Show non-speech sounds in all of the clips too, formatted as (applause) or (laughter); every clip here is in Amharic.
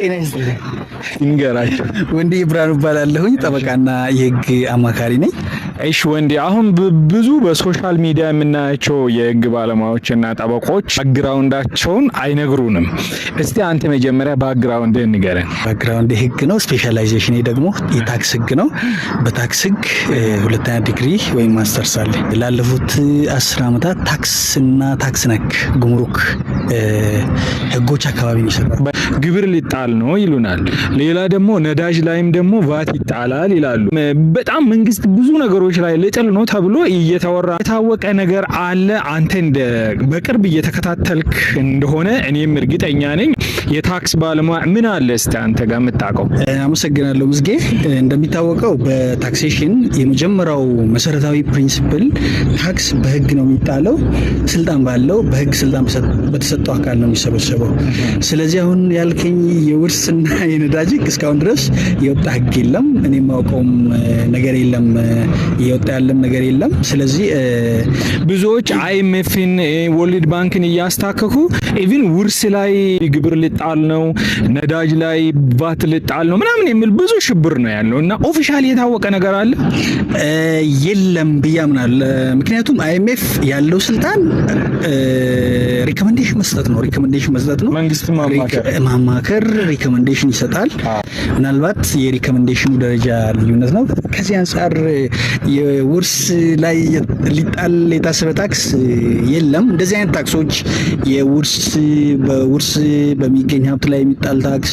ጤና ይስጥልኝ ይንገራቸው። ወንዴ ብርሃኑ እባላለሁኝ ጠበቃና የህግ አማካሪ ነኝ። እሺ ወንዴ፣ አሁን ብዙ በሶሻል ሚዲያ የምናያቸው የህግ ባለሙያዎችና ጠበቆች ባክግራውንዳቸውን አይነግሩንም። እስቲ አንተ መጀመሪያ ባግራውንድ ንገረን። ባክግራውንድ ህግ ነው። ስፔሻላይዜሽን ደግሞ የታክስ ህግ ነው። በታክስ ህግ ሁለተኛ ዲግሪ ወይም ማስተርስ አለ። ላለፉት አስር ዓመታት ታክስና ታክስ ነክ ጉምሩክ ህጎች አካባቢ ነው ይሰራል። ግብር ሊጣል ነው ይሉናል። ሌላ ደግሞ ነዳጅ ላይም ደግሞ ቫት ይጣላል ይላሉ። በጣም መንግስት ብዙ ነገሮች ላይ ልጥል ነው ተብሎ እየተወራ የታወቀ ነገር አለ። አንተ በቅርብ እየተከታተልክ እንደሆነ እኔም እርግጠኛ ነኝ። የታክስ ባለሙያ ምን አለ እስቲ አንተ ጋር የምታውቀው? አመሰግናለሁ ምዝጌ። እንደሚታወቀው በታክሴሽን የመጀመሪያው መሰረታዊ ፕሪንሲፕል ታክስ በህግ ነው የሚጣለው። ስልጣን ባለው በህግ ስልጣን በተሰጠው አካል ነው የሚሰበሰበው። ስለዚህ አሁን ያልከኝ የውርስና (laughs) የነዳጅ ህግ እስካሁን ድረስ የወጣ ህግ የለም። እኔ የማውቀውም ነገር የለም፣ እየወጣ ያለም ነገር የለም። ስለዚህ ብዙዎች አይኤምኤፍን ወርልድ ባንክን እያስታከኩ ኢቭን ውርስ ላይ ግብር ልጣል ነው፣ ነዳጅ ላይ ቫት ልጣል ነው ምናምን የሚል ብዙ ሽብር ነው ያለው እና ኦፊሻል የታወቀ ነገር አለ የለም ብዬ አምናለሁ። ምክንያቱም አይኤምኤፍ ያለው ስልጣን ሪኮመንዴሽን መስጠት ነው። ሪኮመንዴሽን መስጠት ነው። መንግስት ማማከር ሪኮመንዴሽን ይሰጣል። ምናልባት የሪኮመንዴሽኑ ደረጃ ልዩነት ነው። ከዚህ አንጻር የውርስ ላይ ሊጣል የታሰበ ታክስ የለም። እንደዚህ አይነት ታክሶች የውርስ በውርስ በሚገኝ ሀብት ላይ የሚጣል ታክስ፣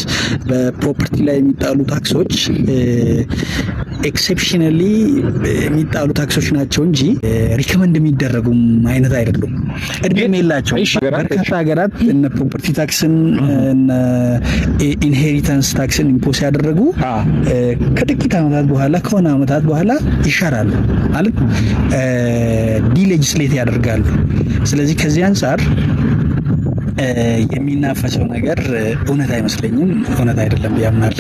በፕሮፐርቲ ላይ የሚጣሉ ታክሶች ኤክሴፕሽናሊ eh, የሚጣሉ ታክሶች ናቸው እንጂ ሪከመንድ eh, የሚደረጉም አይነት አይደሉም። እድሜም የላቸው። በርካታ ሀገራት እነ ፕሮፐርቲ ታክስን ኢንሄሪታንስ ታክስን ኢምፖስ ያደረጉ eh, ከጥቂት ዓመታት በኋላ ከሆነ ዓመታት በኋላ ይሻራሉ ማለት ዲሌጅስሌት ያደርጋሉ። ስለዚህ ከዚህ አንጻር የሚናፈሰው ነገር እውነት አይመስለኝም፣ እውነት አይደለም ያምናል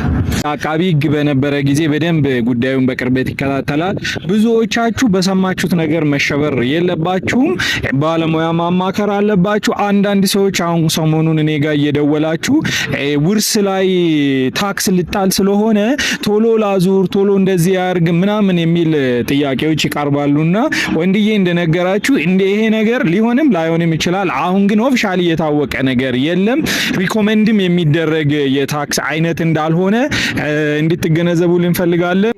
አቃቢ ህግ በነበረ ጊዜ በደንብ ጉዳዩን በቅርበት ይከታተላል። ብዙዎቻችሁ በሰማችሁት ነገር መሸበር የለባችሁም፣ ባለሙያ ማማከር አለባችሁ። አንዳንድ ሰዎች አሁን ሰሞኑን እኔ ጋር እየደወላችሁ ውርስ ላይ ታክስ ልጣል ስለሆነ ቶሎ ላዙር፣ ቶሎ እንደዚህ ያርግ ምናምን የሚል ጥያቄዎች ይቀርባሉና ወንድዬ እንደነገራችሁ እንደ ይሄ ነገር ሊሆንም ላይሆንም ይችላል። አሁን ግን ኦፊሻል እየታወቀ የታወቀ ነገር የለም። ሪኮመንድም የሚደረግ የታክስ አይነት እንዳልሆነ እንድትገነዘቡ ልንፈልጋለን።